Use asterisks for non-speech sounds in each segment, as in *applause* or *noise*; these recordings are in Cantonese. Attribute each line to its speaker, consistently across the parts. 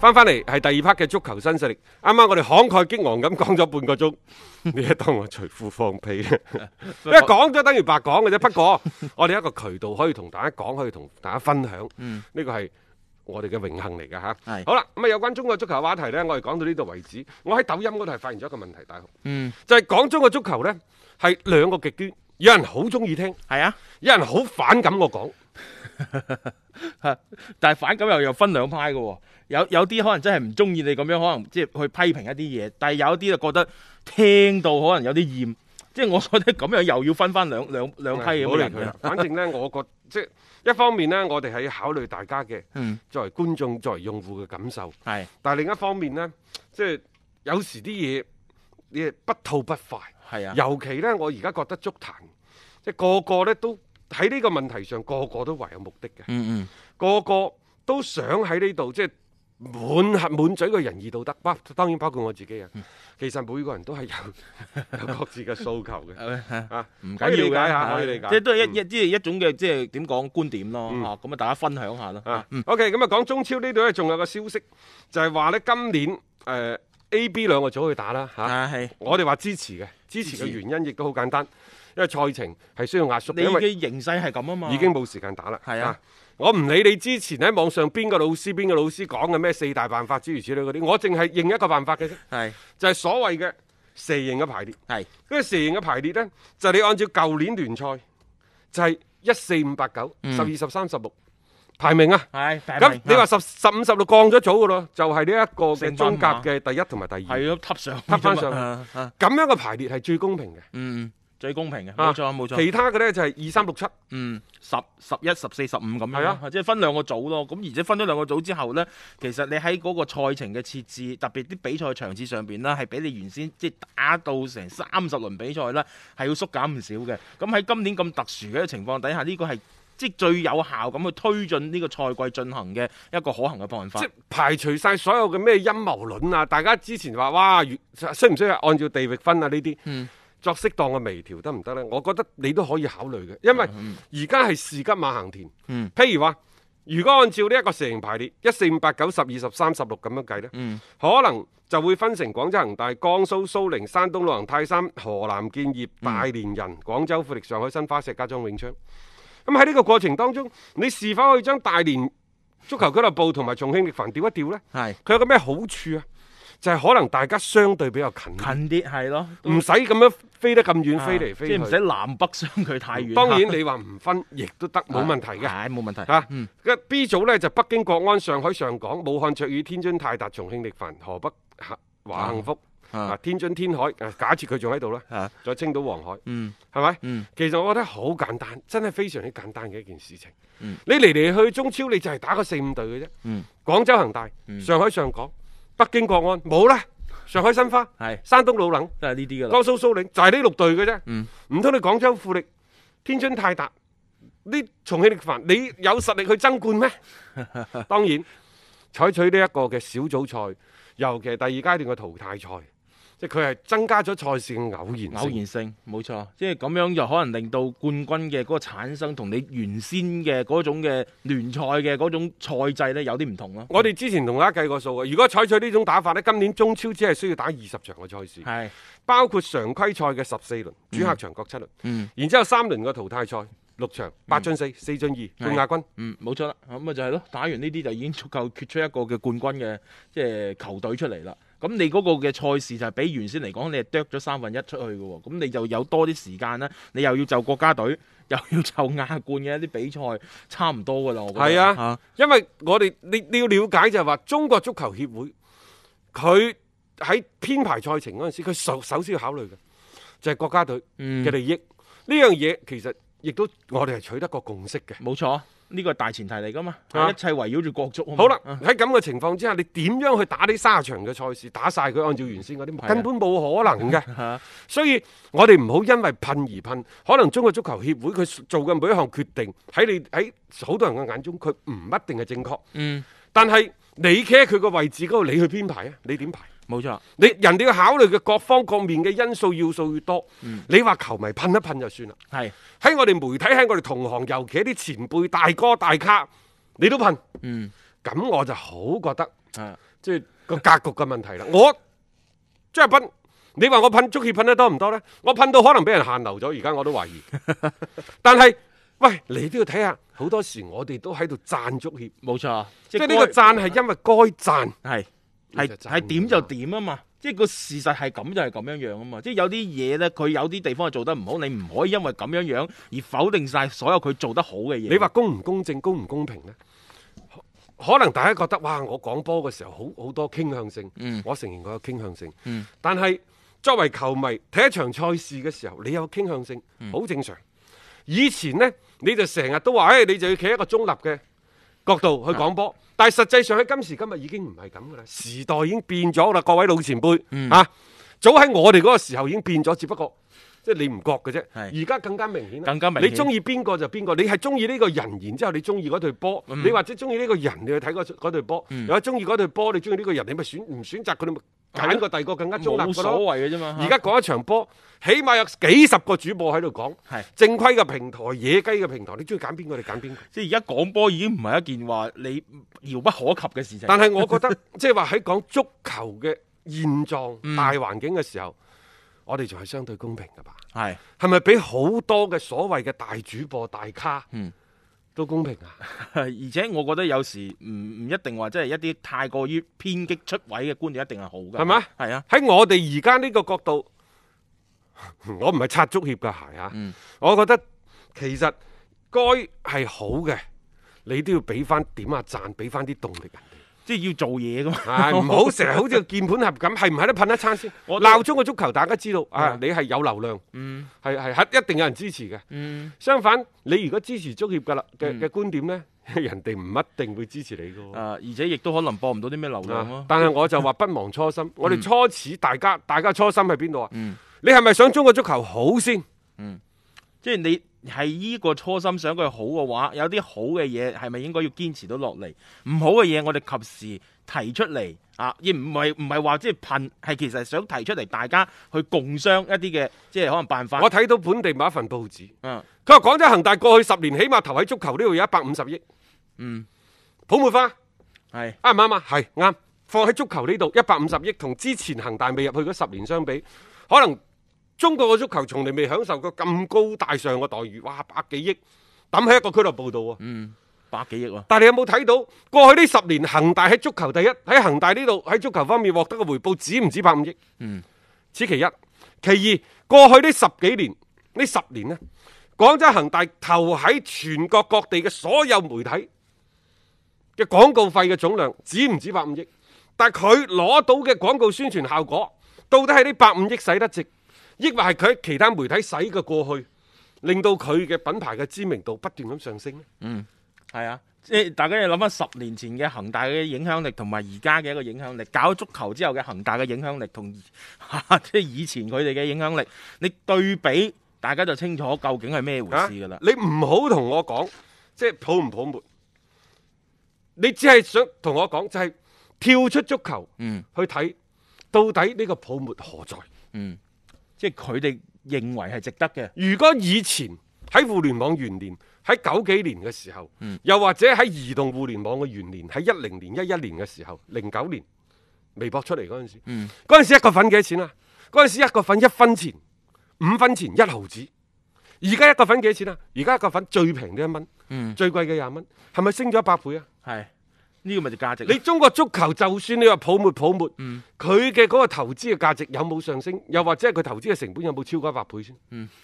Speaker 1: 翻翻嚟，係第二 part 嘅足球新勢力。啱啱我哋慷慨激昂咁講咗半個鐘，你一當我除褲，放屁啊！因為講咗等於白講嘅啫。不過我哋一個渠道可以同大家講，可以同大家分享，呢個係我哋嘅榮幸嚟㗎吓。係好啦，咁啊有關中國足球嘅話題呢，我哋講到呢度為止。我喺抖音嗰度係發現咗一個問題，大雄，嗯，就係講中國足球呢係兩
Speaker 2: 個極端，有人好中意聽，係啊，有人好反感我講，但係反感又又分兩派嘅。有有啲可能真係唔中意你咁樣，可能即係去批評一啲嘢，但係有啲就覺得聽到可能有啲厭，即係我覺得咁樣又要分翻兩兩兩批咁。唔好理佢啦， *laughs* 反正咧，我覺即係一方面咧，我哋
Speaker 1: 係要考慮大家嘅作為觀眾、作為用戶嘅感受。係、嗯，但係另一方面咧，即係有時啲嘢你係不吐不快。係啊，尤其咧，我而家覺得足壇，即係個個咧都喺呢個問題上個個都懷有目的嘅。嗯
Speaker 2: 嗯，
Speaker 1: 個個都，嗯嗯個個都想喺呢度即係。滿核，滿嘴嘅仁義道德，包
Speaker 2: 當然包括我自己啊。其實每個人都係有有各自嘅訴求嘅，吓唔緊要嘅吓，可以理解。即係都係一一即係一種嘅即係點講觀點咯。咁啊，大家分享下啦。吓，OK，咁啊，講中超呢度咧，仲有個消息就係話咧，今年
Speaker 1: 誒 A、B 兩個組去打啦。吓係。我哋話支持嘅，支持嘅原因亦都好簡單。因為賽程係需要壓縮，因為形勢係咁啊嘛，已經冇時間打啦。係啊，我唔理你之前喺網上邊個老師邊個老師講嘅咩四大辦法諸如此類嗰啲，我淨係認一個辦法嘅啫。係就係所謂嘅蛇形嘅排列。係，嗰個蛇形嘅排列咧，就係你按照舊年聯賽就係一四五八九、十二十三十六排名啊。係排名。咁你話十十五十六降咗組噶咯，就係呢一個嘅中甲嘅第一同埋第二。係咯，
Speaker 2: 插上插翻上啊。咁樣嘅排列係最公平嘅。嗯。最公平嘅，冇錯，啊，冇錯。其他嘅呢，就係二三六七，嗯，十十一十四十五咁樣，係啊，嗯，即係分兩個組咯。咁而且分咗兩個組之後呢，其實你喺嗰個賽程嘅設置，特別啲比賽場次上邊呢，係比你原先即係打到成三十輪比賽呢，係要縮減唔少嘅。咁喺今年咁特殊嘅情況底下，呢個係即係最有效咁去推進呢個賽季進行嘅一個可行嘅辦法。即排除晒所有嘅咩陰謀論啊，大
Speaker 1: 家之前話哇，需唔需要按照地域分啊呢啲？嗯。作適當嘅微調得唔得呢？我覺得你都可以考慮嘅，因為而家係士急馬行田。嗯、譬如話，如果按照呢一個蛇形排列，一四五八九十二十三十六咁樣計呢，嗯、可能就會分成廣州恒大、江蘇蘇寧、山東魯能、泰山、河南建業、大連人、嗯、廣州富力、上海申花、石家莊永昌。咁喺呢個過程當中，你是否可以將大連足球俱樂部同埋重慶力帆調一調呢？係，佢有個咩好處啊？就係可能大家相對比較近，近啲係咯，唔使咁樣飛得咁遠，飛嚟飛去，即係唔使
Speaker 2: 南北相距太遠。當然你話唔分亦都得，冇問題嘅，係冇問題。吓
Speaker 1: ，B 組咧就北京國安、上海上港、武漢卓爾、天津泰達、重慶力帆、河北華幸福、啊天津天海。啊，假設佢仲喺度咧，吓再青島黃海，嗯，係咪？嗯，其實我覺得好簡單，真係非常之簡單嘅一件事情。嗯，你嚟嚟去中超，你就係打個四五隊嘅啫。嗯，廣州恒大，嗯，上海上港。北京國安冇啦，上海申花係，山東魯能都係呢啲噶，江蘇蘇寧就係呢六隊嘅啫。嗯，唔通你廣州富力、天津泰達呢？重慶力帆，你有實力去爭冠咩？當然，採取呢一個嘅小組賽，尤其係第二
Speaker 2: 階段嘅淘汰賽。即係佢係增加咗賽事嘅偶然偶然性，冇錯。即係咁樣就可能令到冠軍嘅嗰個產生同你原先嘅嗰種嘅聯賽嘅嗰種賽制咧有啲唔同咯。嗯、我哋之前同大家計過數啊，如果採取呢種打法咧，今年
Speaker 1: 中超只係需要打二十場嘅賽事，係是包括常規賽嘅十四輪，主客場各七
Speaker 2: 輪，嗯嗯、然之後三輪嘅淘汰賽六場，八進四四進二、冠亞軍，嗯，冇錯啦。咁咪就係咯，打完呢啲就已經足夠決出一個嘅冠軍嘅即係球隊出嚟啦。咁你嗰個嘅賽事就係比原先嚟講，你係 drop 咗三分一出去嘅，咁你就有多啲時間啦。你又要就國家隊，又要就亞冠嘅一啲比賽，差唔多噶啦。我覺得係啊，
Speaker 1: 因為我哋你你要了解就係話，中國足球協會佢喺編排賽程嗰陣時，佢首首先要考慮嘅就係國家隊嘅利益。呢樣嘢其實亦都我哋係取得過共識嘅。冇錯。呢個係大前提嚟噶嘛，一切圍繞住國足、啊、好啦嗎，喺咁嘅情況之下，你點樣去打啲三十場嘅賽事，打晒佢？按照原先嗰啲，根本冇可能嘅。啊、所以，我哋唔好因為噴而噴。可能中國足球協會佢做嘅每一項決定，喺你喺好多人嘅眼中，佢唔一定係正確。嗯。但係你企喺佢個位置嗰度，你去編排啊？你點排？冇錯，你人哋要考慮嘅各方各面嘅因素要素越多，你話球迷噴一噴就算啦。係喺我哋媒體，喺我哋同行，尤其啲前輩大哥大咖，你都噴。嗯，咁我就好覺得，即係個格局嘅問題啦。我即係噴，你話我噴足協噴得多唔多呢？我噴到可能俾人限流咗，而家我都懷疑。但係，喂，你都要睇下，好多時我哋都喺度
Speaker 2: 贊足協。冇錯，即係呢個贊係因為該贊。係。係，係點就點啊嘛，即係個事實係咁就係咁樣樣啊嘛，即係有啲嘢呢，佢有啲地方係做得唔好，你唔可以因為咁樣樣而否定晒所有佢做得好嘅嘢。你話公唔公正，公唔公平呢？
Speaker 1: 可能大家覺得哇，我講波嘅時候好好多傾向性，嗯、我承認我有傾向性。嗯、但係作為球迷睇一場賽事嘅時候，你有傾向性好正常。嗯、以前呢，你就成日都話，誒、哎，你就要企一個中立嘅角度去講波，啊、但係實際上喺今時今日已經唔係咁噶啦，時代已經變咗啦，各位老前輩，嚇、嗯啊、早喺我哋嗰個時候已經變咗，只不過即係、就是、你唔覺嘅啫。而家是更加明顯，更加明顯。你中意邊個就邊個，你係中意呢個人，然之後你中意嗰隊波，嗯、你或者中意呢個人，你去睇嗰隊波。嗯、如果中意嗰隊波，你中意呢個人，你咪選唔選擇佢？揀個第二個更加專業嘅咯，冇所謂嘅啫嘛。而家講一場波，起碼有幾十個主播喺度講，係正規嘅平台、野雞嘅平台，你中意揀邊個，你揀邊個。即係而家講波已經唔係一件話你遙不可及嘅事情。但係我覺得， *laughs* 即係話喺講足球嘅現狀、大環境嘅時候，我哋仲係相對公平㗎吧？係係咪俾
Speaker 2: 好多嘅所謂嘅大主播大咖？嗯都公平啊， *laughs* 而且我覺得有時唔唔一定話，即係一啲太過於偏激出位嘅觀念，一定係好嘅，係咪嗎啊？係啊，喺我哋而家呢個角度，
Speaker 1: 我唔係擦足協嘅鞋啊，嗯、我覺得其實該係好嘅，你都要俾翻點啊讚，俾翻啲動力。即係要做嘢噶嘛，唔好成日好似個鍵盤俠咁，係唔係都噴一餐先？鬧中國足球，大家知道啊，你係有流量，係係一定有人支持嘅。相反，你如果支持足協噶啦嘅嘅觀點咧，人哋唔一定會支持你噶喎。而且亦都可能播唔到啲咩流量。但係我就話不忘初心，我哋
Speaker 2: 初始大家大家初心喺邊度啊？你係咪想
Speaker 1: 中國足球好先？
Speaker 2: 即係你。係呢個初心想佢好嘅話，有啲好嘅嘢係咪應該要堅持到落嚟？唔好嘅嘢我哋及時提出嚟啊！亦唔係唔係話即係噴，係其實想提出嚟大家去共商一啲嘅即係可能辦法。我睇到本地
Speaker 1: 某一份報紙，嗯，佢話廣州恒大過去十年起碼投喺足球呢度有一百五十億，嗯，泡沫化係啱唔啱啊？係啱是，放喺足球呢度一百五十億，同之前恒大未入去嗰十年相比，可能。中國嘅足球從嚟未享受過咁高大上嘅待遇，哇，百幾億抌喺一個俱樂部度喎。嗯，百幾億喎、啊。但係你有冇睇到過去呢十年恒大喺足球第一喺恒大呢度喺足球方面獲得嘅回報，止唔止百五億。嗯，此其一。其二，過去呢十幾年呢十年咧，廣州恒大投喺全國各地嘅所有媒體嘅廣告費嘅總量，止唔止百五億。但係佢攞到嘅廣告宣傳效果，到底係呢百五億使得值？抑或係佢其他媒體使嘅過去，
Speaker 2: 令到佢嘅品牌嘅知名度不斷咁上升咧？嗯，係啊，即係大家要諗翻十年前嘅恒大嘅影響力，同埋而家嘅一個影響力，搞足球之後嘅恒大嘅影響力，同即係以前佢哋嘅影響力，你對比，大家就清楚究竟係咩回事噶啦、啊。你唔好同我講，即係泡唔泡沫，
Speaker 1: 你只係想同我講就係跳出足球去睇，到底呢個泡沫何在？嗯。即係佢哋認為係值得嘅。如果以前喺互聯網元年，喺九幾年嘅時候，嗯、又或者喺移動互聯網嘅元年，喺一零年、一一年嘅時候，零九年微博出嚟嗰陣時，嗰陣、嗯、時一個粉幾多錢啊？嗰陣時一個粉一分錢、五分錢、一毫子。而家一個粉幾多錢啊？而家一個粉最平都一蚊，嗯、最貴嘅廿蚊，係咪升咗一百倍啊？係。呢個咪就價值、啊。你中國足球就算你話泡沫泡沫，佢嘅嗰個投資嘅價值有冇上升？又或者佢投資嘅成本有冇超過一百倍先？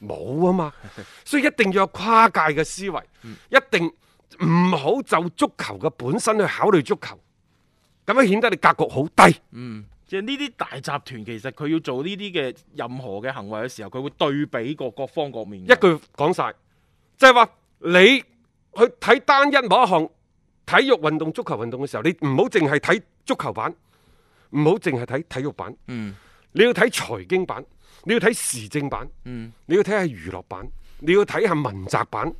Speaker 1: 冇、嗯、啊嘛， *laughs* 所以一定要有跨界嘅思維，嗯、一定唔好就足
Speaker 2: 球嘅本身去考慮足球，咁樣顯得你格局好低。嗯，即係呢啲大集團其實佢要做呢啲嘅任何嘅行為嘅時候，佢會對比過各方各面。一句講晒，就係、是、話你去睇單一某,某一項。
Speaker 1: 體育運動、足球運動嘅時候，你唔好淨係睇足球版，唔好淨係睇體育版。嗯，你要睇財經版，你要睇時政版。嗯，你要睇下娛樂版，你要睇下文摘版。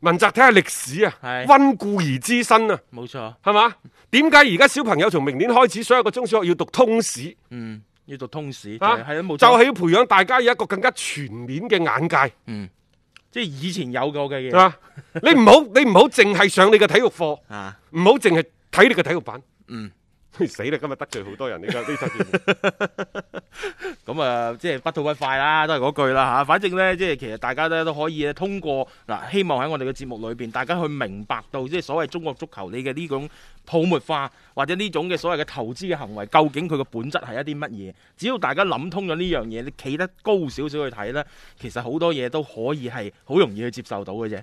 Speaker 1: 文摘睇下歷史啊，係，溫故而知新啊。冇錯，係嘛？點解而家小朋友從明年開始，所有個中小學要讀通史？
Speaker 2: 嗯，要讀通史係咯，冇錯。就係
Speaker 1: 要培養大家有一個更加全面嘅眼界。嗯。即係以前有過嘅嘢
Speaker 2: *laughs* 你唔好你唔
Speaker 1: 好淨係上你嘅體育
Speaker 2: 課，唔好淨係睇你嘅體育版。嗯死啦！今日得罪好多人呢集節目，咁 *laughs* *laughs* 啊，即係不吐不快啦，都係嗰句啦吓。反正呢，即係其實大家都都可以通過嗱、啊，希望喺我哋嘅節目裏邊，大家去明白到即係所謂中國足球你嘅呢種泡沫化，或者呢種嘅所謂嘅投資嘅行為，究竟佢嘅本質係一啲乜嘢？只要大家諗通咗呢樣嘢，你企得高少少去睇呢，其實好多嘢都可以係好容易去接受到嘅啫。